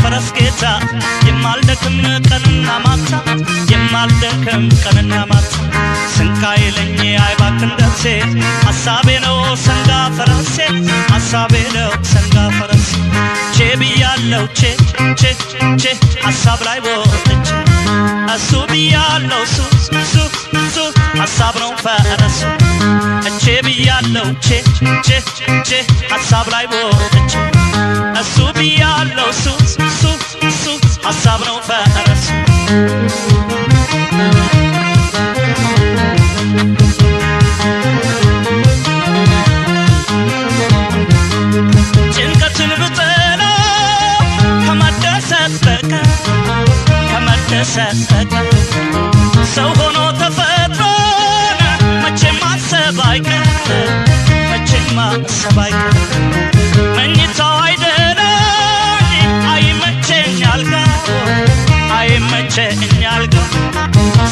ፈረስ ጌታ የማልደክም ቀንና ማታ የማልደክም ቀንና ማታ ስንቅ አይለኝ አይባክን ደርሴ ሐሳቤ ነው ሰንጋ ፈረሴ ሐሳቤ ነው ሰንጋ ፈረሴ ቼ ብያለው ቼ ቼ ቼ ሀሳብ ላይ ወጥቼ እሱ ብያለው ሱ ሱ ሀሳብ ነው ፈረስ እቼ ብያለው ቼ ቼ ቼ ሀሳብ ላይ ቦች እሱ ብያለው ሱ ሱ ሱ ሀሳብ ነው ፈረስ ጭንቀትን ብጥለው ከመደሰት ባይቀርስ መቼማ ባይቀርስ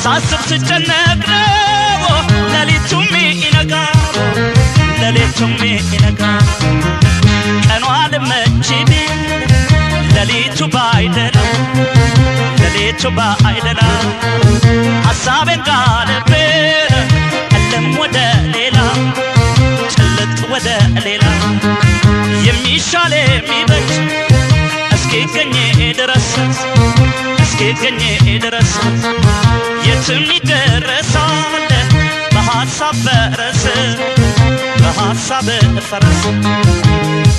ሳስብ ስጨነቅ ነው ይነጋ ሌሊቱም ይነጋ ቀኗ ልመችቢ ሌሊቱ ባይደላ ሌሊቱ ባይደላ ሀሳቤን ጋለቤ ወደ ሌላ ጭልጥ ወደ ሌላ የሚሻል የሚበጅ እስኪገኝ ድረስ እስኪገኝ ድረስ የትም ይደረሳል በሀሳብ በረስ በሀሳብ ፈረስ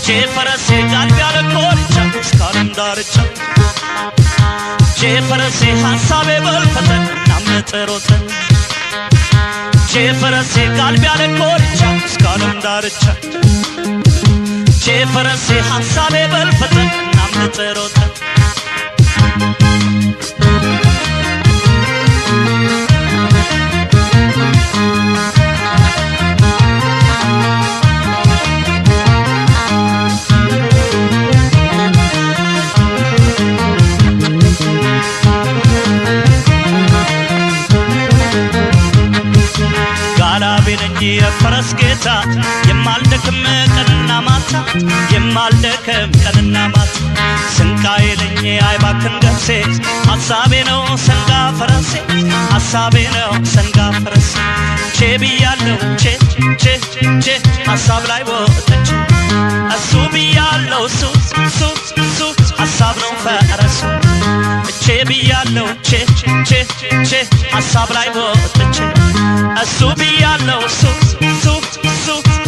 ቼ ፈረሴ ጋልብ ያለ ኮርቻ እስካለም ዳርቻ ቼ ፈረሴ ሀሳቤ በልፈተን እናምነ ጥሮትን እጄ ፈረሴ ቃልቢ ያለ ኮርቻ እስካለም ዳርቻ እጄ ፈረሴ ሐሳቤ በልፈተ እናምንጠሮተ የፈረስ ጌታ የማልደክም ቀንና ማታ የማልደክም ቀንና ማታ ስንቃዬ ነኝ አይባክን ነፍሴ ሀሳቤ ነው ሰንጋ ፈረሴ ሀሳቤ ነው ሰንጋ ፈረሴ ቼ ብያለሁ ቼ ቼ ቼ ሀሳብ ላይ ወጥቼ እሱ ብያለሁ እሱ እሱ እሱ ሀሳብ ነው ፈረሱ ቼ ብያለሁ ቼ ቼ ቼ ሀሳብ ላይ ወጥቼ እሱ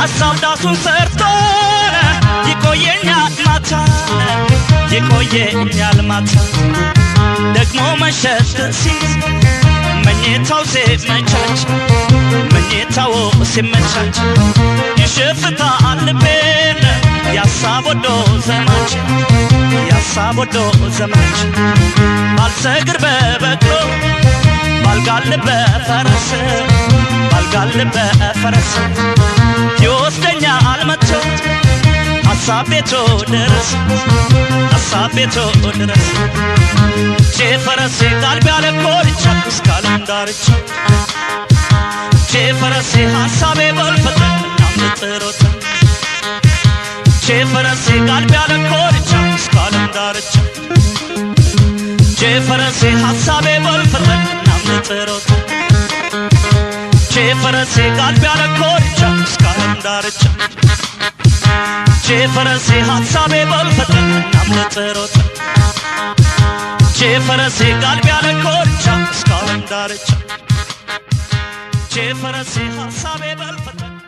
ሀሳብ ዳሱን ሰርቶ ይቆየኛል ማታ ይቆየኛል ማታ ደግሞ መሸት ሲል መኝታው ሲመቻች መኝታው ሲመቻች ይሸፍታል ልቤን ያሳብ ወዶ ዘማች ያሳብ ወዶ ዘማች ባልሰግር በበቅሎ ባልጋልብ በፈረስ አልጋልበ ፈረስ ይወስደኛ አልመቶ ሀሳብ ቤቶ ድረስ ሀሳብ ድረስ እቼ ፈረሴ ጣልቢ አለኮልቻ እስካለም ዳርቻ እቼ ፈረሴ ሀሳቤ በልፈጠ እናምልጥ ሮጠ እቼ ፈረሴ ጣልቢ አለኮልቻ እስካለም ዳርቻ እቼ ፈረሴ ሀሳቤ በልፈጠ እናምልጥ ፈረንሴ ቃል ቢያለኮርቻ እስካለም ዳርቻ እጄ ፈረንሴ ሀሳቤ በልፈጠን እናምለጥ ሮጠ እጄ ቃል ቢያለኮርቻ እስካለም ዳርቻ እጄ ፈረንሴ ሀሳቤ በልፈጠን